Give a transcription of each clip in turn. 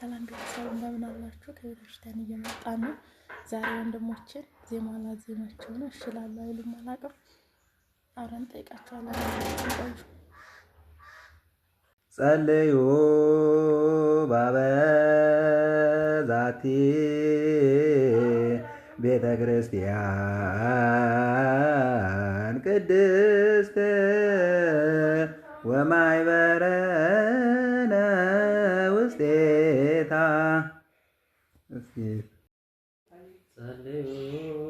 ሰላም ቤተሰብ እንደምን አላችሁ? ከቤተክርስቲያን እየመጣ ነው። ዛሬ ወንድሞችን ዜማ ላዜማቸው ነው። እሺ አይሉም አላውቅም። አብረን ጠይቃቸዋለን። ጸልዩ ባበዛቲ ቤተ ክርስቲያን ቅድስት ወማይበረ ጸልዩ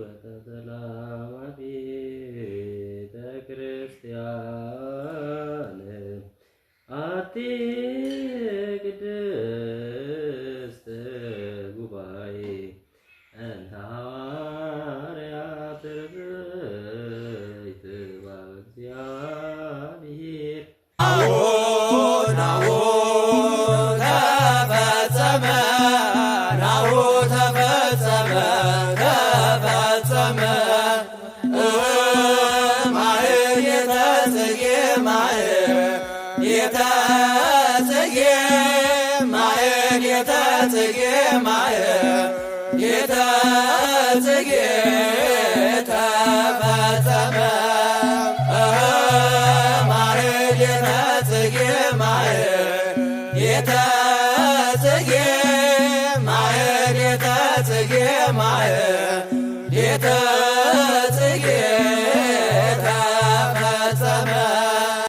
በተሰላም ቤተ ክርስቲያን አቲ ቅድስት ጉባኤ እንተ ሐዋርያት ትርኢት ተፈጸመ ተፈጸመ ማህሌተ ጽጌ ማህሌተ ጽጌ ማህሌተ ጽጌ ማህሌተ ተፈጸመ የተለየ